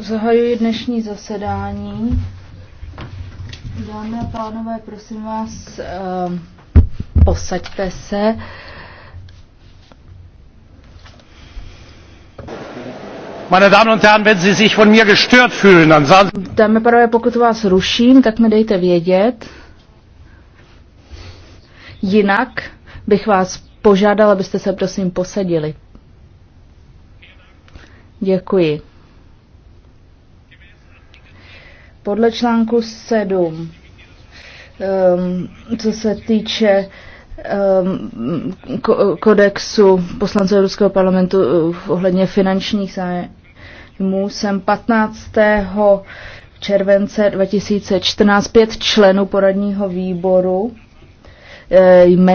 Zahajuji dnešní zasedání. Dámy a pánové, prosím vás, ehm, posaďte se. Meine Damen und Herren, wenn Sie sich von mir gestört fühlen, dann sagen Sie... Dámy a pánové, pokud vás ruším, tak mi dejte vědět. Jinak bych vás požádal, abyste se prosím posadili. Děkuji. Podle článku 7, ehm, co se týče ehm, kodexu poslance Evropského parlamentu eh, ohledně finančních zájmů, jsem 15. července 2014 pět členů poradního výboru eh, jmen